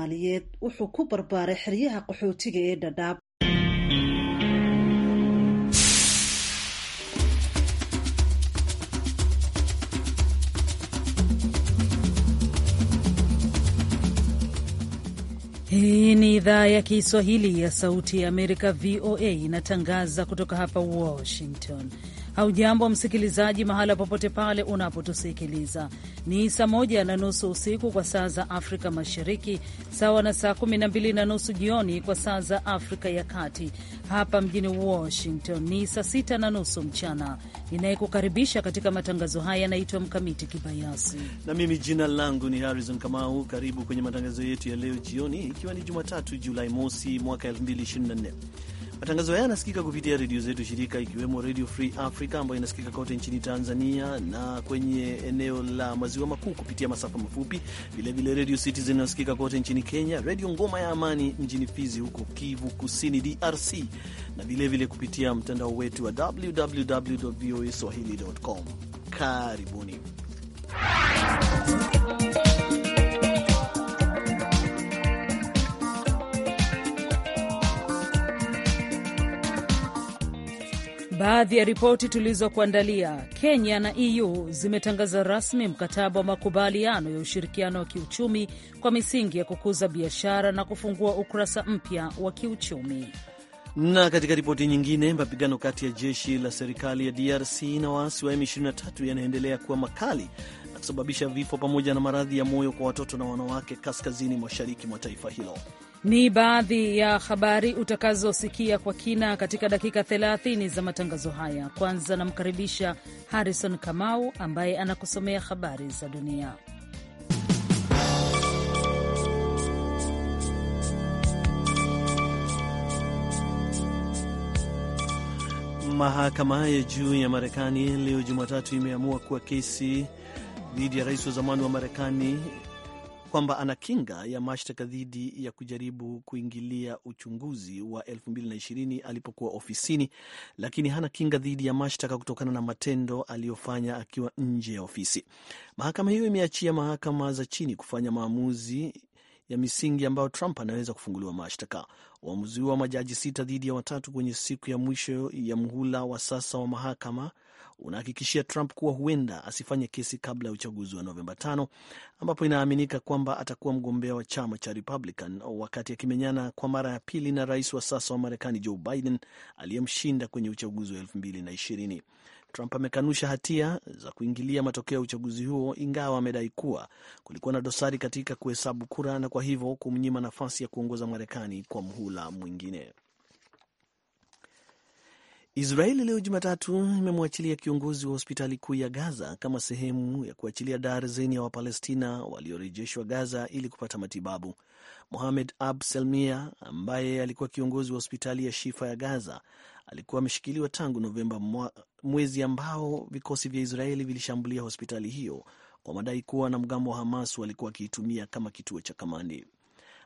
soomaaliyeed wuxuu ku barbaaray xeryaha qaxootiga ee dhadhaab Hii ni idhaa ya Kiswahili ya Sauti ya Amerika, VOA, inatangaza kutoka hapa Washington. Haujambo msikilizaji, mahala popote pale unapotusikiliza. Ni saa moja na nusu usiku kwa saa za Afrika Mashariki, sawa na saa kumi na mbili na nusu jioni kwa saa za Afrika ya Kati. Hapa mjini Washington ni saa sita na nusu mchana. Ninayekukaribisha katika matangazo haya yanaitwa Mkamiti Kibayasi na mimi jina langu ni Harrison Kamau. Karibu kwenye matangazo yetu ya leo jioni, ikiwa ni Jumatatu Julai mosi mwaka 2024. Matangazo haya yanasikika kupitia redio zetu shirika, ikiwemo redio Free Africa ambayo inasikika kote nchini Tanzania na kwenye eneo la maziwa makuu kupitia masafa mafupi, vilevile Radio Citizen inayosikika kote nchini Kenya, Redio Ngoma ya Amani mjini Fizi huko Kivu Kusini, DRC, na vilevile kupitia mtandao wetu wa www voa swahili.com. Karibuni. baadhi ya ripoti tulizokuandalia. Kenya na EU zimetangaza rasmi mkataba wa makubaliano ya ushirikiano wa kiuchumi kwa misingi ya kukuza biashara na kufungua ukurasa mpya wa kiuchumi. Na katika ripoti nyingine, mapigano kati ya jeshi la serikali ya DRC na waasi wa M23 yanaendelea kuwa makali na kusababisha vifo pamoja na maradhi ya moyo kwa watoto na wanawake kaskazini mashariki mwa taifa hilo. Ni baadhi ya habari utakazosikia kwa kina katika dakika 30 za matangazo haya. Kwanza namkaribisha Harrison Kamau ambaye anakusomea habari za dunia. Mahakama ya juu ya Marekani leo Jumatatu imeamua kuwa kesi dhidi ya rais wa zamani wa Marekani kwamba ana kinga ya mashtaka dhidi ya kujaribu kuingilia uchunguzi wa 2020 alipokuwa ofisini, lakini hana kinga dhidi ya mashtaka kutokana na matendo aliyofanya akiwa nje ya ofisi. Mahakama hiyo imeachia mahakama za chini kufanya maamuzi ya misingi ambayo Trump anaweza kufunguliwa mashtaka. Uamuzi huo wa majaji sita dhidi ya watatu kwenye siku ya mwisho ya mhula wa sasa wa mahakama unahakikishia Trump kuwa huenda asifanye kesi kabla ya uchaguzi wa Novemba 5 ambapo inaaminika kwamba atakuwa mgombea wa chama cha Republican wakati akimenyana kwa mara ya pili na rais wa sasa wa Marekani Joe Biden aliyemshinda kwenye uchaguzi wa 2020. Trump amekanusha hatia za kuingilia matokeo ya uchaguzi huo, ingawa amedai kuwa kulikuwa na dosari katika kuhesabu kura na kwa hivyo kumnyima nafasi ya kuongoza Marekani kwa mhula mwingine. Israeli leo Jumatatu imemwachilia kiongozi wa hospitali kuu ya Gaza kama sehemu ya kuachilia darzeni ya Wapalestina waliorejeshwa Gaza ili kupata matibabu. Mohamed Ab Selmia ambaye alikuwa kiongozi wa hospitali ya Shifa ya Gaza alikuwa ameshikiliwa tangu Novemba, mwezi ambao vikosi vya Israeli vilishambulia hospitali hiyo kwa madai kuwa wanamgambo wa Hamas walikuwa wakiitumia kama kituo cha kamandi.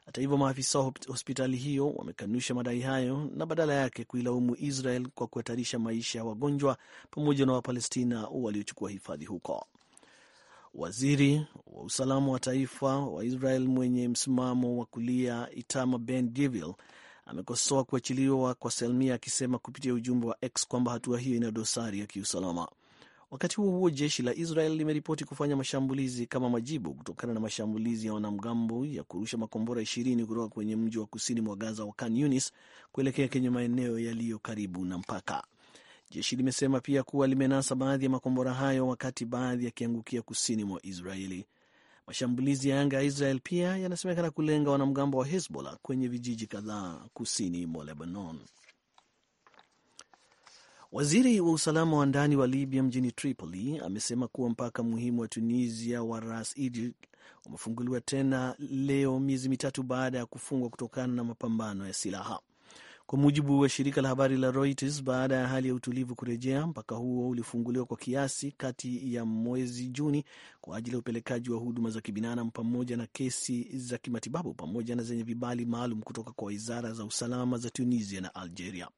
Hata hivyo, maafisa wa hospitali hiyo wamekanusha madai hayo na badala yake kuilaumu Israel kwa kuhatarisha maisha ya wagonjwa pamoja na Wapalestina waliochukua hifadhi huko. Waziri wa usalama wa taifa wa Israel mwenye msimamo wa kulia Itamar Ben Gvir amekosoa kuachiliwa kwa Selmia akisema kupitia ujumbe wa X kwamba hatua hiyo ina dosari ya kiusalama. Wakati huo huo, jeshi la Israel limeripoti kufanya mashambulizi kama majibu kutokana na mashambulizi ya wanamgambo ya kurusha makombora ishirini kutoka kwenye mji wa kusini mwa Gaza wa Khan Yunis kuelekea kwenye maeneo yaliyo karibu na mpaka. Jeshi limesema pia kuwa limenasa baadhi ya makombora hayo, wakati baadhi yakiangukia kusini mwa Israeli. Mashambulizi ya anga ya Israel pia yanasemekana kulenga wanamgambo wa Hezbollah kwenye vijiji kadhaa kusini mwa Lebanon. Waziri wa usalama wa ndani wa Libya mjini Tripoli amesema kuwa mpaka muhimu wa Tunisia wa Ras Idri umefunguliwa tena leo, miezi mitatu baada ya kufungwa kutokana na mapambano ya silaha kwa mujibu wa shirika la habari la Reuters. Baada ya hali ya utulivu kurejea, mpaka huo ulifunguliwa kwa kiasi kati ya mwezi Juni kwa ajili ya upelekaji wa huduma za kibinadamu pamoja na kesi za kimatibabu pamoja na zenye vibali maalum kutoka kwa wizara za usalama za Tunisia na Algeria.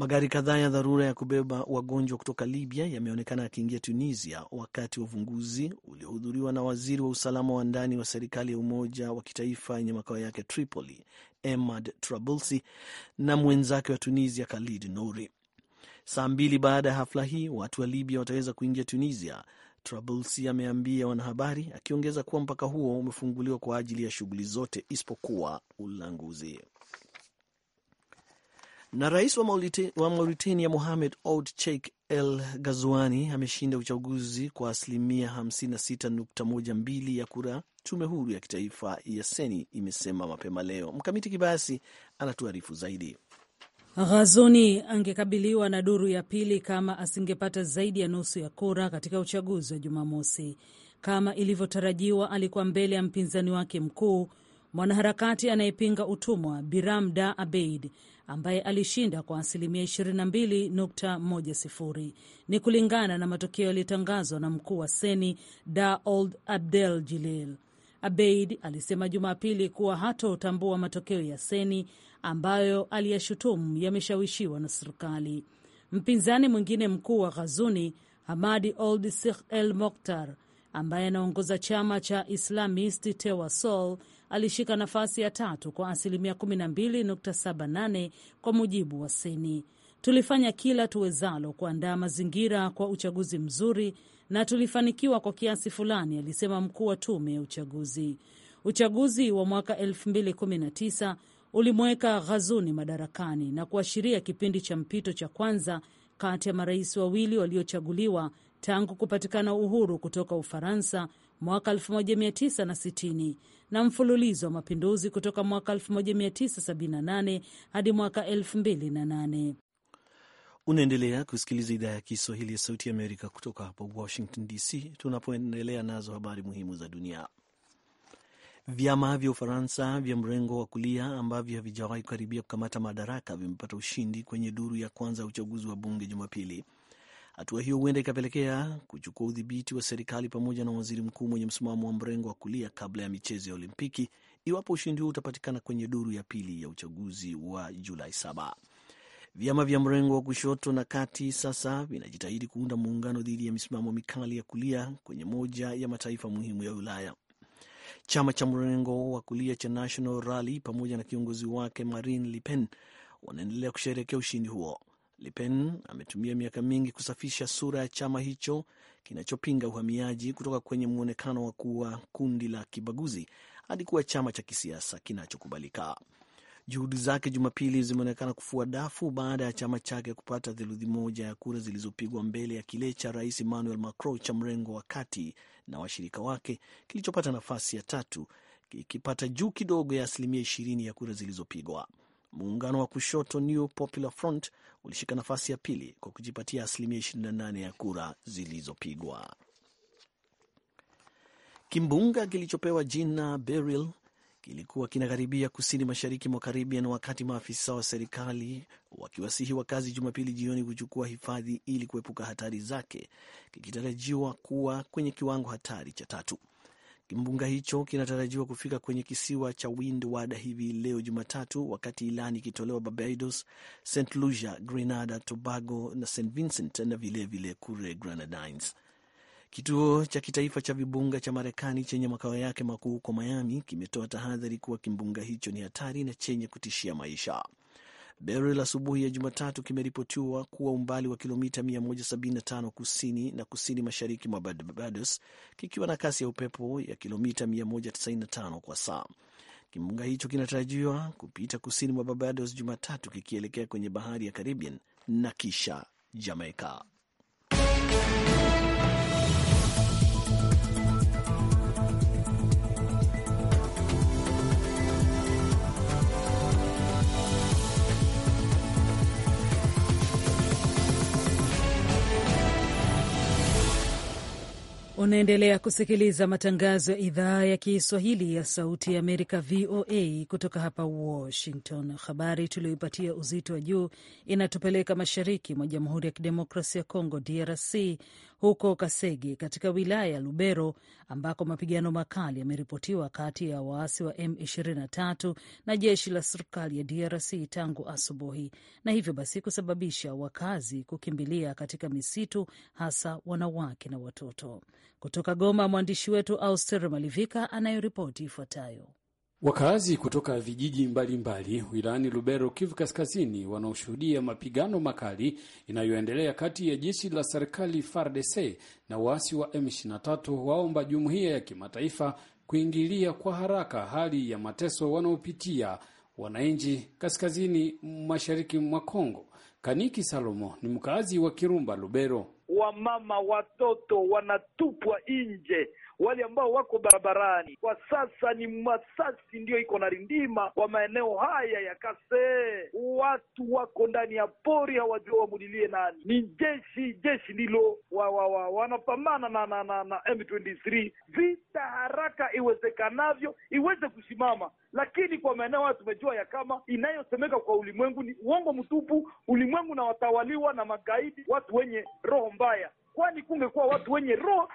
Magari kadhaa ya dharura ya kubeba wagonjwa kutoka Libya yameonekana yakiingia Tunisia wakati wa uvunguzi uliohudhuriwa na waziri wa usalama wa ndani wa serikali ya umoja wa kitaifa yenye makao yake Tripoli, Emad Trabulsi na mwenzake wa Tunisia Khalid Nouri. Saa mbili baada ya hafla hii, watu wa Libya wataweza kuingia Tunisia, Trabulsi ameambia wanahabari, akiongeza kuwa mpaka huo umefunguliwa kwa ajili ya shughuli zote isipokuwa ulanguzi. Na rais wa, wa Mauritania Mohamed Ould Cheikh El Gazuani ameshinda uchaguzi kwa asilimia 56.12 ya kura, tume huru ya kitaifa ya Seni imesema mapema leo. Mkamiti Kibasi anatuarifu zaidi. Ghazoni angekabiliwa na duru ya pili kama asingepata zaidi ya nusu ya kura katika uchaguzi wa Jumamosi. Kama ilivyotarajiwa, alikuwa mbele ya mpinzani wake mkuu Mwanaharakati anayepinga utumwa Biram Da Abeid ambaye alishinda kwa asilimia 22.10 ni kulingana na matokeo yaliyotangazwa na mkuu wa Seni Da Old Abdel Jilil. Abeid alisema Jumapili kuwa hatotambua matokeo ya Seni ambayo aliyashutumu yameshawishiwa na serikali. Mpinzani mwingine mkuu wa Ghazuni, Hamadi Old Sikh El Mokhtar, ambaye anaongoza chama cha Islamist Tewasol alishika nafasi ya tatu kwa asilimia 12.78 kwa mujibu wa Seni. Tulifanya kila tuwezalo kuandaa mazingira kwa uchaguzi mzuri na tulifanikiwa kwa kiasi fulani, alisema mkuu wa tume ya uchaguzi. Uchaguzi wa mwaka 2019 ulimweka Ghazuni madarakani na kuashiria kipindi cha mpito cha kwanza kati ya marais wawili waliochaguliwa tangu kupatikana uhuru kutoka Ufaransa mwaka 1960 na mfululizo wa mapinduzi kutoka mwaka 1978 hadi mwaka 2008. Unaendelea kusikiliza idhaa ya Kiswahili ya Sauti ya Amerika kutoka hapa Washington DC, tunapoendelea nazo habari muhimu za dunia. Vyama vya Ufaransa vya mrengo wa kulia ambavyo havijawahi kukaribia kukamata madaraka vimepata ushindi kwenye duru ya kwanza ya uchaguzi wa bunge Jumapili, Hatua hiyo huenda ikapelekea kuchukua udhibiti wa serikali pamoja na waziri mkuu mwenye msimamo wa mrengo wa kulia kabla ya michezo ya Olimpiki, iwapo ushindi huo utapatikana kwenye duru ya pili ya uchaguzi wa Julai saba. Vyama vya mrengo wa kushoto na kati sasa vinajitahidi kuunda muungano dhidi ya misimamo mikali ya kulia kwenye moja ya mataifa muhimu ya Ulaya. Chama cha mrengo wa kulia cha National Rally pamoja na kiongozi wake Marine Le Pen wanaendelea kusherehekea ushindi huo. Le Pen ametumia miaka mingi kusafisha sura ya chama hicho kinachopinga uhamiaji kutoka kwenye mwonekano wa kuwa kundi la kibaguzi hadi kuwa chama cha kisiasa kinachokubalika. Juhudi zake Jumapili zimeonekana kufua dafu baada ya chama chake kupata theluthi moja ya kura zilizopigwa mbele ya kile cha rais Emmanuel Macron cha mrengo wa kati na washirika wake kilichopata nafasi ya tatu kikipata juu kidogo ya asilimia ishirini ya kura zilizopigwa. Muungano wa kushoto New Popular Front ulishika nafasi ya pili kwa kujipatia asilimia 28 ya kura zilizopigwa. Kimbunga kilichopewa jina Beryl kilikuwa kinakaribia kusini mashariki mwa Karibian wakati maafisa wa serikali wakiwasihi wakazi Jumapili jioni kuchukua hifadhi ili kuepuka hatari zake, kikitarajiwa kuwa kwenye kiwango hatari cha tatu. Kimbunga hicho kinatarajiwa kufika kwenye kisiwa cha Windward hivi leo Jumatatu, wakati ilani ikitolewa Barbados, St Lucia, Grenada, Tobago na St Vincent na vilevile vile kule Grenadines. Kituo cha kitaifa cha vibunga cha Marekani chenye makao yake makuu huko Miami kimetoa tahadhari kuwa kimbunga hicho ni hatari na chenye kutishia maisha. Beryl asubuhi ya Jumatatu kimeripotiwa kuwa umbali wa kilomita 175 kusini na kusini mashariki mwa Barbados, kikiwa na kasi ya upepo ya kilomita 195 kwa saa. Kimbunga hicho kinatarajiwa kupita kusini mwa Barbados Jumatatu kikielekea kwenye bahari ya Caribbean na kisha Jamaica. Unaendelea kusikiliza matangazo ya idhaa ya Kiswahili ya Sauti ya Amerika, VOA, kutoka hapa Washington. Habari tuliyoipatia uzito wa juu inatupeleka mashariki mwa Jamhuri ya Kidemokrasia ya Kongo, DRC, huko Kasegi katika wilaya ya Lubero ambako mapigano makali yameripotiwa kati ya waasi wa M23 na jeshi la serikali ya DRC tangu asubuhi, na hivyo basi kusababisha wakazi kukimbilia katika misitu, hasa wanawake na watoto. Kutoka Goma, mwandishi wetu Auster Malivika anayoripoti ifuatayo. Wakazi kutoka vijiji mbalimbali wilayani Lubero, Kivu Kaskazini, wanaoshuhudia mapigano makali inayoendelea kati ya jeshi la serikali FARDC na waasi wa M23 waomba jumuiya ya kimataifa kuingilia kwa haraka hali ya mateso wanaopitia wananchi kaskazini mashariki mwa Kongo. Kaniki Salomo ni mkazi wa Kirumba, Lubero. Wamama watoto wanatupwa nje wale ambao wako barabarani kwa sasa ni Masasi ndiyo iko na rindima kwa maeneo haya ya Kase. Watu wako ndani ya pori, hawajua wamudilie nani. Ni jeshi, jeshi ndilo wa, wa, wa, wanapambana na, na, na, na M23. Vita haraka iwezekanavyo iweze kusimama, lakini kwa maeneo haya tumejua ya kama inayosemeka kwa ulimwengu ni uongo mtupu. Ulimwengu na watawaliwa na magaidi, watu wenye roho mbaya kwani kungekuwa watu wenye roho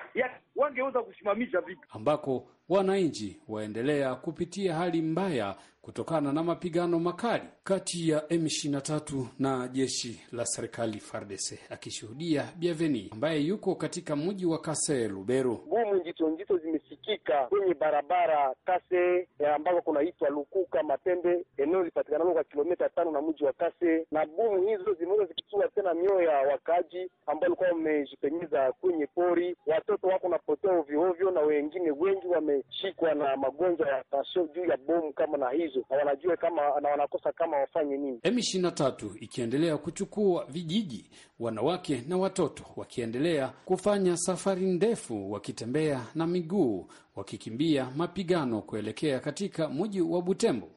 wangeweza kusimamisha vipi ambako wananchi waendelea kupitia hali mbaya kutokana na mapigano makali kati ya M23 na jeshi la serikali FARDC, akishuhudia Biaveni ambaye yuko katika mji wa Kase Lubero. Gumu njito njito zimesikika kwenye barabara Kase eh, ambako kunaitwa Lukuka Matembe, eneo lipatikanalo kwa kilomita tano na mji wa Kase, na bumu hizo zimeweza zikitua tena mioyo ya wakaji ambao walikuwa wamejipenyeza kwenye pori. Watoto wako napotea ovyoovyo na wengine wengi wame wameshikwa na magonjwa ya pasio juu ya bomu kama na hizo, na wanajua kama na wanakosa kama wafanye nini. M23 ikiendelea kuchukua vijiji, wanawake na watoto wakiendelea kufanya safari ndefu, wakitembea na miguu, wakikimbia mapigano kuelekea katika mji wa Butembo,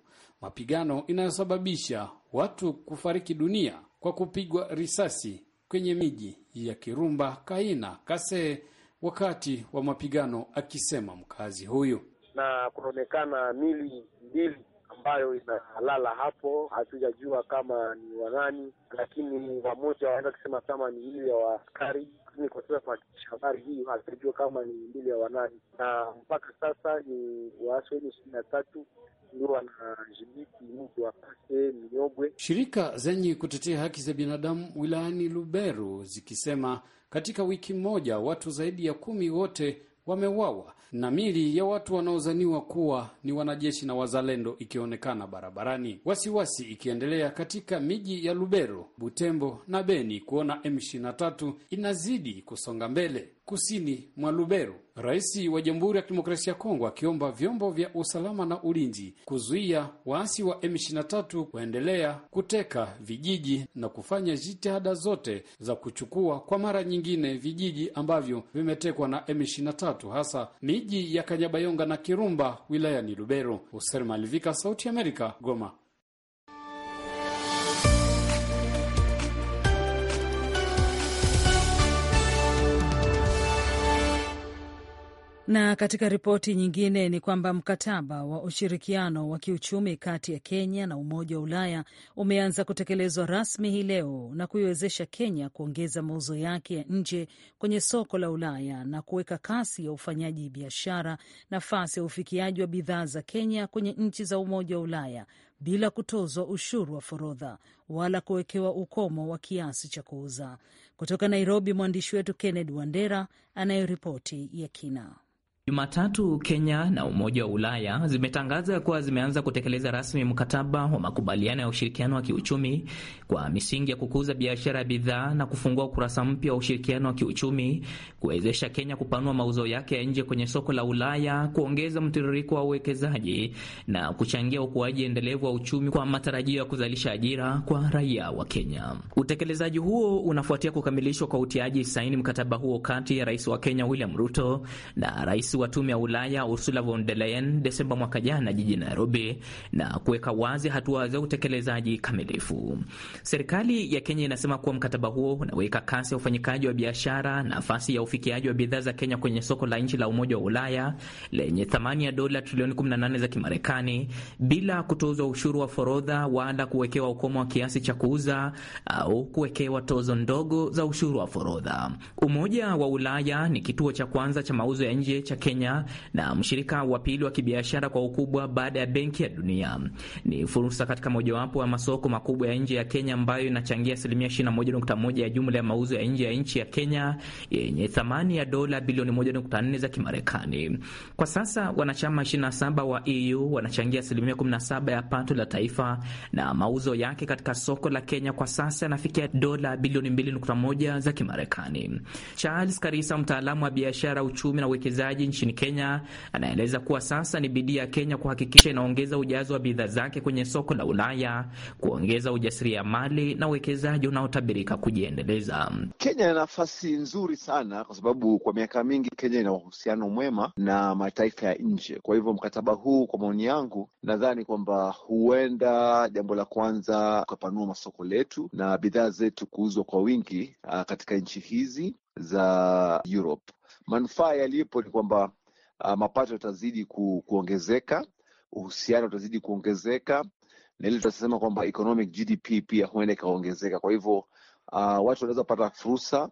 mapigano inayosababisha watu kufariki dunia kwa kupigwa risasi kwenye miji ya Kirumba, Kaina, Kasee wakati wa mapigano, akisema mkazi huyu. Na kunaonekana mili mbili ambayo inalala hapo. Hatujajua kama ni wanani, lakini wamoja wanaweza kusema kama ni ile ya waaskari kwa sasa tunahakikisha habari hii hatajua kama ni mbili ya wanani, na mpaka sasa ni waasi wenye ishirini na tatu ndio wanadhibiti mji wa Kase Minyogwe. Shirika zenye kutetea haki za binadamu wilayani Lubero zikisema katika wiki moja watu zaidi ya kumi wote wameuawa na mili ya watu wanaozaniwa kuwa ni wanajeshi na wazalendo ikionekana barabarani, wasiwasi ikiendelea katika miji ya Lubero, Butembo na Beni kuona M23 inazidi kusonga mbele kusini mwa Lubero. Rais wa Jamhuri ya Kidemokrasia ya Kongo akiomba vyombo vya usalama na ulinzi kuzuia waasi wa M23 kuendelea kuteka vijiji na kufanya jitihada zote za kuchukua kwa mara nyingine vijiji ambavyo vimetekwa na M23, hasa miji ya Kanyabayonga na Kirumba wilayani Lubero. Hoser Malivika, Sauti ya Amerika, Goma. Na katika ripoti nyingine ni kwamba mkataba wa ushirikiano wa kiuchumi kati ya Kenya na Umoja wa Ulaya umeanza kutekelezwa rasmi hii leo na kuiwezesha Kenya kuongeza mauzo yake ya nje kwenye soko la Ulaya na kuweka kasi ya ufanyaji biashara, nafasi ya ufikiaji wa bidhaa za Kenya kwenye nchi za Umoja wa Ulaya bila kutozwa ushuru wa forodha wala kuwekewa ukomo wa kiasi cha kuuza. Kutoka Nairobi, mwandishi wetu kenned Wandera anayoripoti ya kina. Jumatatu, Kenya na Umoja wa Ulaya zimetangaza kuwa zimeanza kutekeleza rasmi mkataba wa makubaliano ya ushirikiano wa kiuchumi kwa misingi ya kukuza biashara ya bidhaa na kufungua ukurasa mpya wa ushirikiano wa kiuchumi, kuwezesha Kenya kupanua mauzo yake ya nje kwenye soko la Ulaya, kuongeza mtiririko wa uwekezaji na kuchangia ukuaji endelevu wa uchumi kwa matarajio ya kuzalisha ajira kwa raia wa Kenya. Utekelezaji huo unafuatia kukamilishwa kwa utiaji saini mkataba huo kati ya Rais wa Kenya William Ruto na Rais wa tume ya Ulaya Ursula von der Leyen Desemba mwaka jana jijini Nairobi na kuweka wazi hatua za utekelezaji kamilifu. Serikali ya Kenya inasema kuwa mkataba huo unaweka kasi ya ufanyikaji wa biashara, nafasi ya ufikiaji wa bidhaa za Kenya kwenye soko la nchi la Umoja wa Ulaya lenye thamani ya dola trilioni 18 za Kimarekani bila kutozwa ushuru wa forodha wala kuwekewa ukomo wa kiasi cha kuuza au kuwekewa tozo ndogo za ushuru wa forodha. Umoja wa Ulaya ni kituo cha kwanza cha mauzo ya nje cha Kenya Kenya na mshirika wa pili wa kibiashara kwa ukubwa baada ya Benki ya Dunia. Ni fursa katika mojawapo ya masoko makubwa ya nje ya Kenya ambayo inachangia asilimia 21.1 ya jumla ya mauzo ya nje ya nchi ya Kenya yenye thamani ya dola bilioni 1.4 za Kimarekani. Kwa sasa wanachama 27 wa EU wanachangia asilimia 17 ya pato la taifa na mauzo yake katika soko la Kenya kwa sasa yanafikia dola bilioni 2.1 za Kimarekani. Charles Karisa, mtaalamu wa biashara, uchumi na uwekezaji nchini Kenya anaeleza kuwa sasa ni bidii ya Kenya kuhakikisha inaongeza ujazo wa bidhaa zake kwenye soko la Ulaya, kuongeza ujasiriamali na uwekezaji unaotabirika kujiendeleza. Kenya ina nafasi nzuri sana, kwa sababu kwa miaka mingi Kenya ina uhusiano mwema na mataifa ya nje. Kwa hivyo mkataba huu, kwa maoni yangu, nadhani kwamba huenda, jambo la kwanza, ukapanua masoko letu na bidhaa zetu kuuzwa kwa wingi ah, katika nchi hizi za Europe. Manufaa yalipo ni kwamba uh, mapato yatazidi ku, kuongezeka, uhusiano utazidi kuongezeka, na ile tunasema kwamba economic GDP pia huenda ikaongezeka. Kwa hivyo uh, watu wanaweza kupata fursa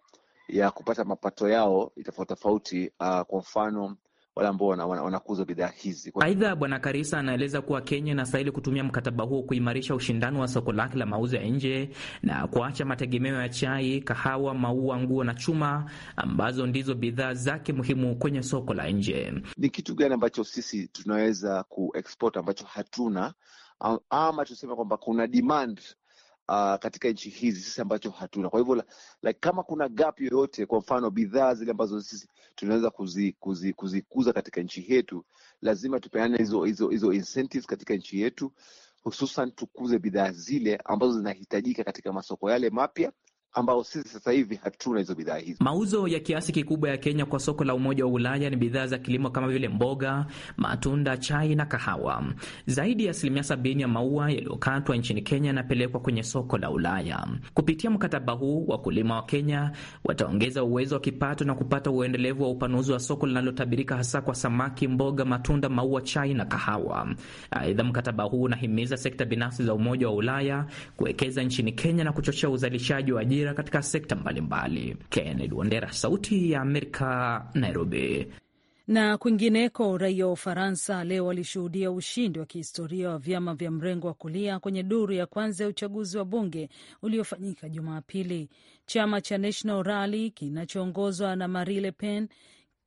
ya kupata mapato yao tofauti tofauti. Uh, kwa mfano wale ambao wanakuza bidhaa hizi. Aidha, Bwana Karisa anaeleza kuwa Kenya inastahili kutumia mkataba huo kuimarisha ushindani wa soko lake la mauzo ya nje na kuacha mategemeo ya chai, kahawa, maua, nguo na chuma ambazo ndizo bidhaa zake muhimu kwenye soko la nje. Ni kitu gani ambacho sisi tunaweza kuexport ambacho hatuna ama tuseme kwamba kuna demand uh, katika nchi hizi sisi ambacho hatuna. Kwa hivyo like, kama kuna gap yoyote, kwa mfano bidhaa zile ambazo sisi tunaweza kuzikuza kuzi, kuzi katika nchi yetu, lazima tupeane hizo hizo hizo incentives katika nchi yetu, hususan tukuze bidhaa zile ambazo zinahitajika katika masoko yale mapya ambao sisi sasa hivi hatuna hizo bidhaa hizo. Mauzo ya kiasi kikubwa ya Kenya kwa soko la Umoja wa Ulaya ni bidhaa za kilimo kama vile mboga, matunda, chai na kahawa. Zaidi ya asilimia sabini ya maua yaliyokatwa nchini Kenya yanapelekwa kwenye soko la Ulaya. Kupitia mkataba huu, wakulima wa Kenya wataongeza uwezo wa kipato na kupata uendelevu wa upanuzi wa soko linalotabirika hasa kwa samaki, mboga, matunda, maua, chai na kahawa. Aidha, mkataba huu unahimiza sekta binafsi za Umoja wa Ulaya kuwekeza nchini Kenya na kuchochea uzalishaji wa ajira ajira katika sekta mbalimbali. Kennedy Wandera, Sauti ya Amerika, Nairobi. Na kwingineko, raia wa Ufaransa leo walishuhudia ushindi wa kihistoria wa vyama vya mrengo wa kulia kwenye duru ya kwanza ya uchaguzi wa bunge uliofanyika Jumapili. Chama cha National Rally kinachoongozwa na Marie Le Pen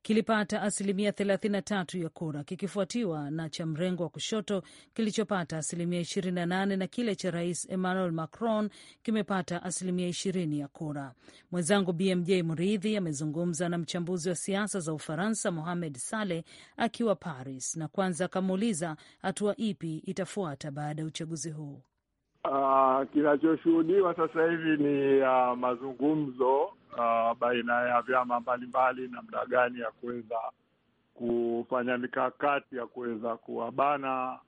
kilipata asilimia 33 ya kura kikifuatiwa na cha mrengo wa kushoto kilichopata asilimia 28 na kile cha rais Emmanuel Macron kimepata asilimia 20 ya kura. Mwenzangu BMJ Mridhi amezungumza na mchambuzi wa siasa za Ufaransa Mohamed Saleh akiwa Paris, na kwanza akamuuliza hatua ipi itafuata baada ya uchaguzi huu. Uh, kinachoshuhudiwa sasa hivi ni uh, mazungumzo uh, baina ya vyama mbalimbali, namna gani ya kuweza kufanya mikakati ya kuweza kuwabana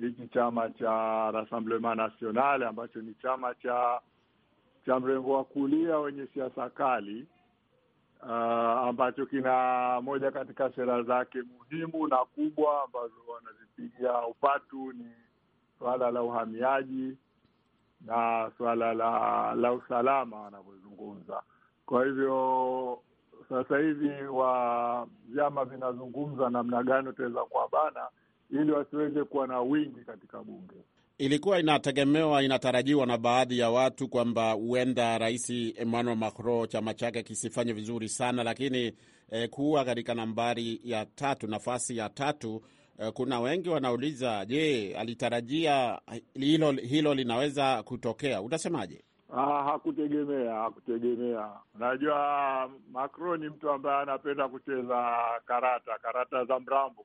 hiki chama cha Rassemblement National ambacho ni chama cha cha mrengo wa kulia wenye siasa kali uh, ambacho kina moja katika sera zake muhimu na kubwa ambazo wanazipigia upatu ni suala la uhamiaji na suala la la usalama wanavyozungumza. Kwa hivyo sasa hivi wa vyama vinazungumza namna gani utaweza kuwabana ili wasiweze kuwa na wingi katika bunge. Ilikuwa inategemewa inatarajiwa na baadhi ya watu kwamba huenda Rais Emmanuel Macron chama chake kisifanye vizuri sana, lakini eh, kuwa katika nambari ya tatu, nafasi ya tatu Eh, kuna wengi wanauliza, je, alitarajia hilo, hilo linaweza kutokea? Utasemaje? Ah, hakutegemea hakutegemea. Unajua, um, Macron ni mtu ambaye anapenda kucheza karata, karata za mrambo.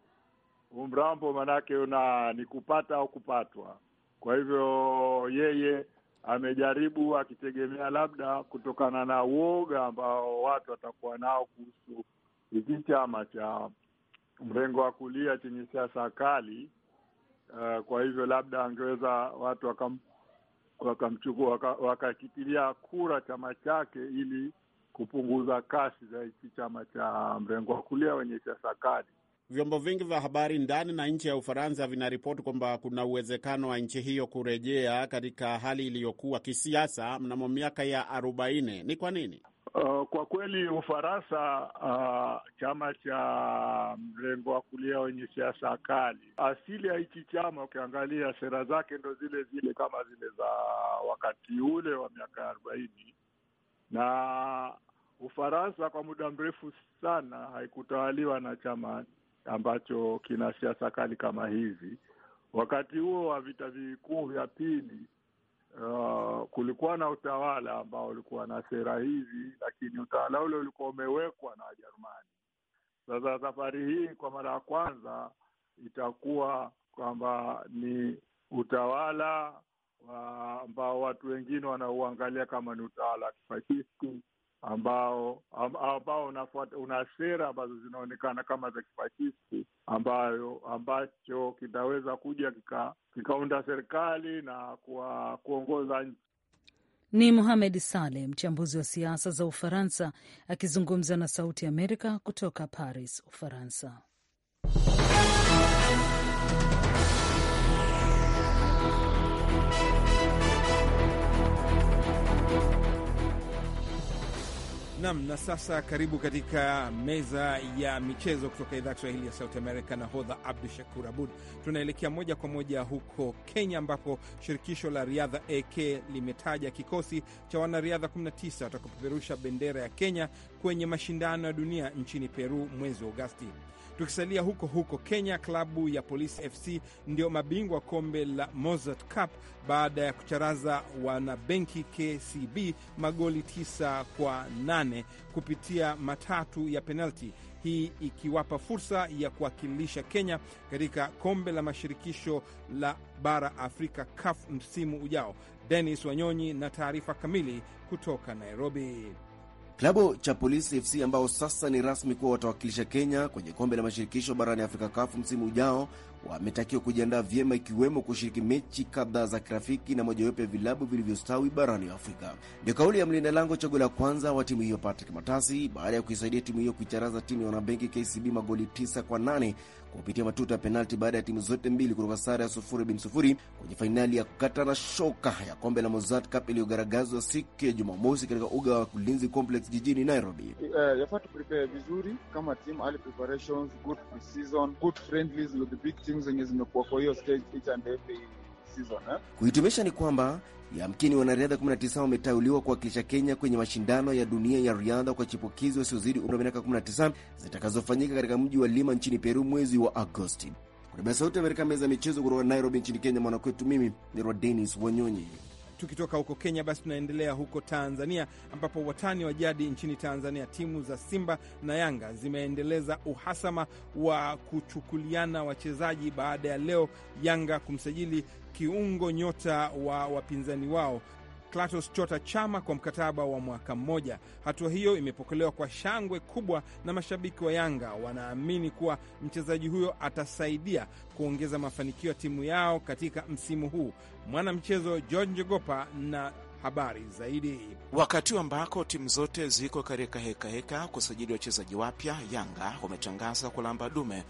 Mrambo maanake una ni kupata au kupatwa. Kwa hivyo yeye amejaribu akitegemea labda kutokana na uoga ambao watu watakuwa nao kuhusu hiki chama cha mrengo wa kulia chenye siasa kali. Uh, kwa hivyo labda angeweza watu wakam, wakamchukua wakakitilia waka kura chama chake ili kupunguza kasi za hichi chama cha mrengo wa kulia wenye siasa kali. Vyombo vingi vya habari ndani na nchi ya Ufaransa vinaripoti kwamba kuna uwezekano wa nchi hiyo kurejea katika hali iliyokuwa kisiasa mnamo miaka ya arobaini. Ni kwa nini? Uh, kwa kweli Ufaransa, uh, chama cha mrengo wa kulia wenye siasa kali, asili ya hichi chama ukiangalia sera zake ndo zile zile kama zile za wakati ule wa miaka arobaini, na Ufaransa kwa muda mrefu sana haikutawaliwa na chama ambacho kina siasa kali kama hizi. Wakati huo wa vita vikuu vya pili Uh, kulikuwa na utawala ambao ulikuwa na sera hizi, lakini utawala ule ulikuwa umewekwa na Wajerumani. Sasa safari hii kwa mara ya kwanza itakuwa kwamba ni utawala uh, ambao watu wengine wanauangalia kama ni utawala wa kifashisti ambao ambao unafuata, una sera ambazo zinaonekana kama za kifashisti, ambayo ambacho kitaweza kuja kikaunda kika serikali na kwa kuongoza nchi. Ni Muhamed Saleh, mchambuzi wa siasa za Ufaransa, akizungumza na Sauti Amerika kutoka Paris, Ufaransa. Nam, na sasa karibu katika meza ya michezo kutoka idhaa ya Kiswahili ya Sauti Amerika na hodha Abdu Shakur Abud. Tunaelekea moja kwa moja huko Kenya, ambapo shirikisho la riadha AK limetaja kikosi cha wanariadha 19 watakapeperusha bendera ya Kenya kwenye mashindano ya dunia nchini Peru mwezi wa Agosti. Tukisalia huko huko Kenya, klabu ya Polisi FC ndio mabingwa kombe la Mozart Cup baada ya kucharaza wanabenki KCB magoli tisa kwa nane kupitia matatu ya penalti, hii ikiwapa fursa ya kuwakilisha Kenya katika kombe la mashirikisho la bara Afrika CAF msimu ujao. Denis Wanyonyi na taarifa kamili kutoka Nairobi. Klabu cha Polisi FC ambao sasa ni rasmi kuwa watawakilisha Kenya kwenye kombe la mashirikisho barani Afrika, kafu msimu ujao wametakiwa kujiandaa vyema ikiwemo kushiriki mechi kadhaa za kirafiki na mojawapo ya vilabu vilivyostawi barani Afrika. Ndio kauli ya mlinda lango chaguo la kwanza wa timu hiyo Patrick Matasi baada ya kuisaidia timu hiyo kuicharaza timu ya wanabenki KCB magoli tisa kwa nane kupitia matuta ya penalti baada ya timu zote mbili kutoka sare ya sufuri bin sufuri kwenye fainali ya kukata na shoka ya kombe la Mozart Cup iliyogaragazwa siku ya Jumamosi katika uga wa Ulinzi Complex jijini Nairobi. Uh, yafaa tuprepare vizuri kama team, early preparations, good preseason, good friendlies with the big team timu zenye zimekuwa kwa hiyo stage each and every season eh? Kuhitimisha ni kwamba yamkini wanariadha 19 wameteuliwa kuwakilisha Kenya kwenye mashindano ya dunia ya riadha kwa chipukizi wasiozidi umri wa miaka 19 zitakazofanyika katika mji wa Lima nchini Peru mwezi wa Agosti. Kutabia Sauti ya Amerika, meza ya michezo kutoka Nairobi nchini Kenya, mwanakwetu mimi ni Denis Wanyonyi. Tukitoka huko Kenya, basi tunaendelea huko Tanzania, ambapo watani wa jadi nchini Tanzania, timu za Simba na Yanga zimeendeleza uhasama wa kuchukuliana wachezaji baada ya leo Yanga kumsajili kiungo nyota wa wapinzani wao Klatus Chota Chama kwa mkataba wa mwaka mmoja. Hatua hiyo imepokelewa kwa shangwe kubwa na mashabiki wa Yanga, wanaamini kuwa mchezaji huyo atasaidia kuongeza mafanikio ya timu yao katika msimu huu. Mwanamchezo George Njogopa na habari zaidi. Wakati ambako timu zote ziko katika hekaheka kusajili wachezaji wapya, Yanga wametangaza kulamba dume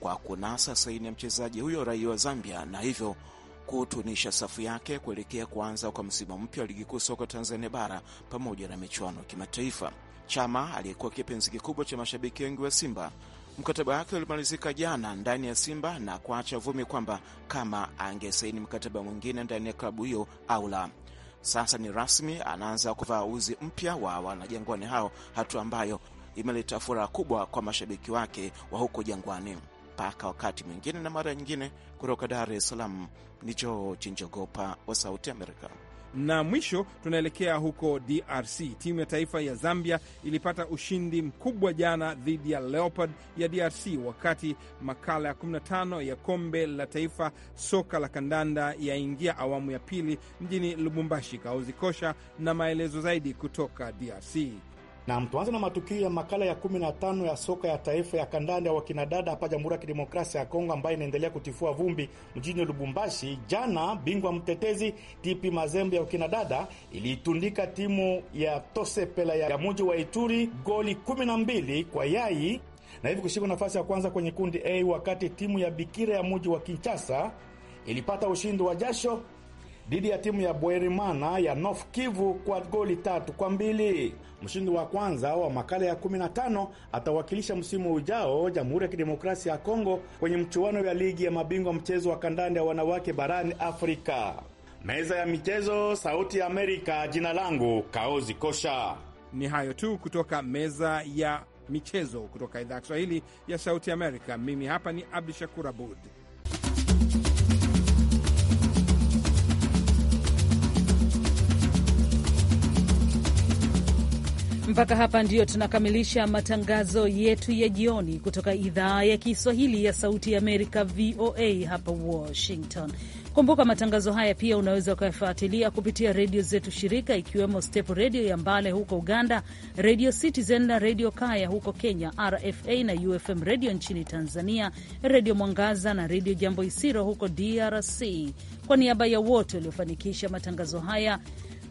kwa kunasa saini ya mchezaji huyo raia wa Zambia na hivyo kutunisha safu yake kuelekea kuanza kwa msimu mpya wa ligi kuu soka Tanzania bara pamoja na michuano ya kimataifa. Chama aliyekuwa kipenzi kikubwa cha mashabiki wengi wa Simba, mkataba wake ulimalizika jana ndani ya Simba na kuacha vumi kwamba kama angesaini mkataba mwingine ndani ya klabu hiyo au la. Sasa ni rasmi, anaanza kuvaa uzi mpya wa wanajangwani hao, hatua ambayo imeleta furaha kubwa kwa mashabiki wake wa huko Jangwani mpaka wakati mwingine na mara nyingine. Kutoka Dar es Salaam ni George Njogopa wa Sauti Amerika. Na mwisho tunaelekea huko DRC. Timu ya taifa ya Zambia ilipata ushindi mkubwa jana dhidi ya Leopard ya DRC wakati makala ya 15 ya kombe la taifa soka la kandanda yaingia awamu ya pili mjini Lubumbashi. Kauzi Kosha na maelezo zaidi kutoka DRC. Na mtuanze na matukio ya makala ya 15 ya soka ya taifa ya kandanda ya wakinadada hapa Jamhuri ya Kidemokrasia ya Kongo ambayo inaendelea kutifua vumbi mjini Lubumbashi. Jana bingwa mtetezi TP Mazembe ya wakinadada iliitundika timu ya Tosepela ya muji wa Ituri goli 12 kwa yai na hivi kushika nafasi ya kwanza kwenye kundi A, wakati timu ya Bikira ya muji wa Kinshasa ilipata ushindi wa jasho dhidi ya timu ya Bwerimana ya North Kivu kwa goli tatu kwa mbili. Mshindi wa kwanza wa makala ya 15 atawakilisha msimu ujao Jamhuri ya Kidemokrasia ya Kongo kwenye mchuano ya ligi ya mabingwa mchezo wa kandanda ya wanawake barani Afrika. Meza ya michezo, Sauti ya Amerika. Jina langu Kaozi Kosha. Ni hayo tu kutoka meza ya michezo kutoka idhaa ya Kiswahili ya Sauti Amerika. Mimi hapa ni Abdu Shakur Abud. Mpaka hapa ndio tunakamilisha matangazo yetu ya jioni kutoka idhaa ya Kiswahili ya Sauti ya Amerika, VOA hapa Washington. Kumbuka matangazo haya pia unaweza ukayafuatilia kupitia redio zetu shirika, ikiwemo Step Redio ya Mbale huko Uganda, Redio Citizen na Redio Kaya huko Kenya, RFA na UFM Redio nchini Tanzania, Redio Mwangaza na Redio Jambo Isiro huko DRC. Kwa niaba ya wote waliofanikisha matangazo haya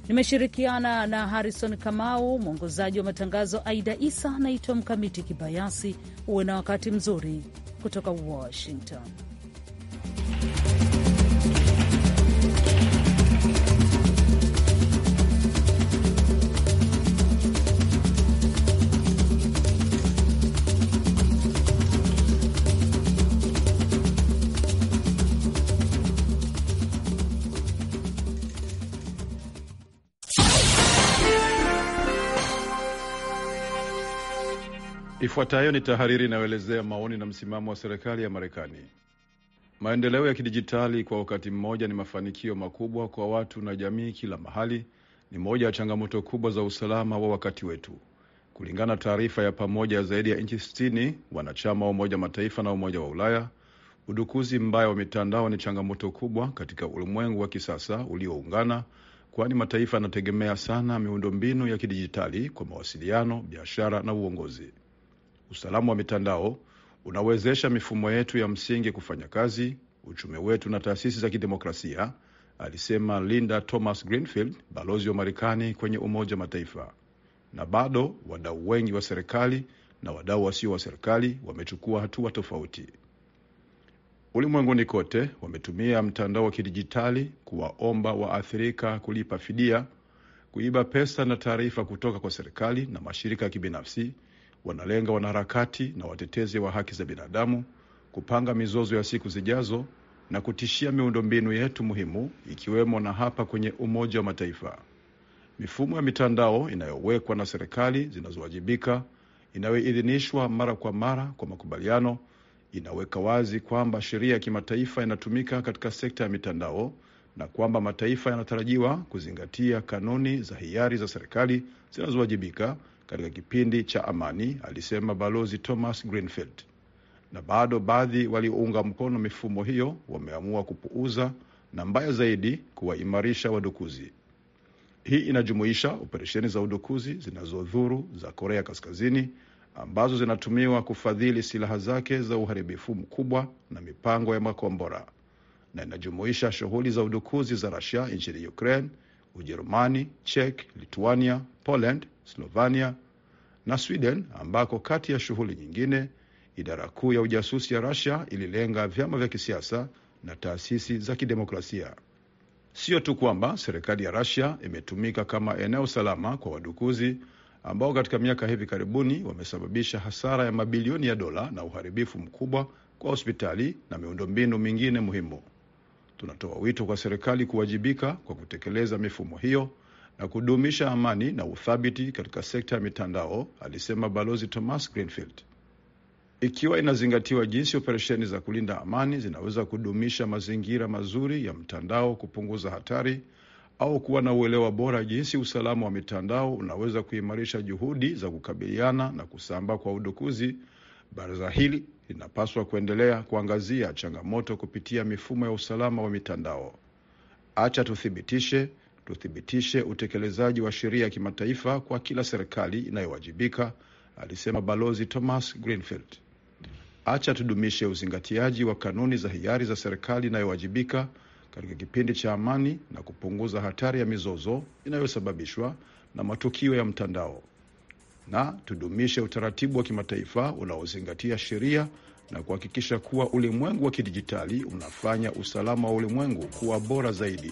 Nimeshirikiana na Harrison Kamau, mwongozaji wa matangazo Aida Isa. Naitwa Mkamiti Kibayasi. Uwe na wakati mzuri kutoka Washington. Ifuatayo ni tahariri inayoelezea maoni na msimamo wa serikali ya Marekani. Maendeleo ya kidijitali kwa wakati mmoja ni mafanikio makubwa kwa watu na jamii kila mahali, ni moja ya changamoto kubwa za usalama wa wakati wetu. Kulingana na taarifa ya pamoja ya zaidi ya nchi 60 wanachama wa Umoja Mataifa na Umoja wa Ulaya, udukuzi mbaya wa mitandao ni changamoto kubwa katika ulimwengu wa kisasa ulioungana, kwani mataifa yanategemea sana miundombinu ya kidijitali kwa mawasiliano, biashara na uongozi. Usalama wa mitandao unawezesha mifumo yetu ya msingi kufanya kazi, uchumi wetu na taasisi za kidemokrasia, alisema Linda Thomas Greenfield, balozi wa Marekani kwenye Umoja Mataifa. Na bado wadau wengi wa serikali na wadau wasio wa serikali wamechukua hatua wa tofauti. Ulimwenguni kote wametumia mtandao wa kidijitali kuwaomba waathirika kulipa fidia, kuiba pesa na taarifa kutoka kwa serikali na mashirika ya kibinafsi wanalenga wanaharakati na watetezi wa haki za binadamu, kupanga mizozo ya siku zijazo na kutishia miundombinu yetu muhimu, ikiwemo na hapa kwenye Umoja wa Mataifa. Mifumo ya mitandao inayowekwa na serikali zinazowajibika, inayoidhinishwa mara kwa mara kwa makubaliano, inaweka wazi kwamba sheria ya kimataifa inatumika katika sekta ya mitandao na kwamba mataifa yanatarajiwa kuzingatia kanuni za hiari za serikali zinazowajibika katika kipindi cha amani, alisema Balozi Thomas Greenfield. Na bado baadhi waliounga mkono mifumo hiyo wameamua kupuuza na mbaya zaidi, kuwaimarisha wadukuzi. Hii inajumuisha operesheni za udukuzi zinazodhuru za Korea Kaskazini ambazo zinatumiwa kufadhili silaha zake za uharibifu mkubwa na mipango ya makombora na inajumuisha shughuli za udukuzi za Russia nchini Ukraine, Ujerumani, Czech, Lithuania, Poland Slovenia na Sweden ambako kati ya shughuli nyingine idara kuu ya ujasusi ya Russia ililenga vyama vya kisiasa na taasisi za kidemokrasia. Sio tu kwamba serikali ya Russia imetumika kama eneo salama kwa wadukuzi ambao katika miaka hivi karibuni wamesababisha hasara ya mabilioni ya dola na uharibifu mkubwa kwa hospitali na miundombinu mingine muhimu. Tunatoa wito kwa serikali kuwajibika kwa kutekeleza mifumo hiyo na kudumisha amani na uthabiti katika sekta ya mitandao, alisema Balozi Thomas Greenfield. Ikiwa inazingatiwa jinsi operesheni za kulinda amani zinaweza kudumisha mazingira mazuri ya mtandao, kupunguza hatari au kuwa na uelewa bora jinsi usalama wa mitandao unaweza kuimarisha juhudi za kukabiliana na kusambaa kwa udukuzi, baraza hili linapaswa kuendelea kuangazia changamoto kupitia mifumo ya usalama wa mitandao. Acha tuthibitishe tuthibitishe utekelezaji wa sheria ya kimataifa kwa kila serikali inayowajibika, alisema Balozi Thomas Greenfield. Acha tudumishe uzingatiaji wa kanuni za hiari za serikali inayowajibika katika kipindi cha amani na kupunguza hatari ya mizozo inayosababishwa na matukio ya mtandao, na tudumishe utaratibu wa kimataifa unaozingatia sheria na kuhakikisha kuwa ulimwengu wa kidijitali unafanya usalama wa ulimwengu kuwa bora zaidi.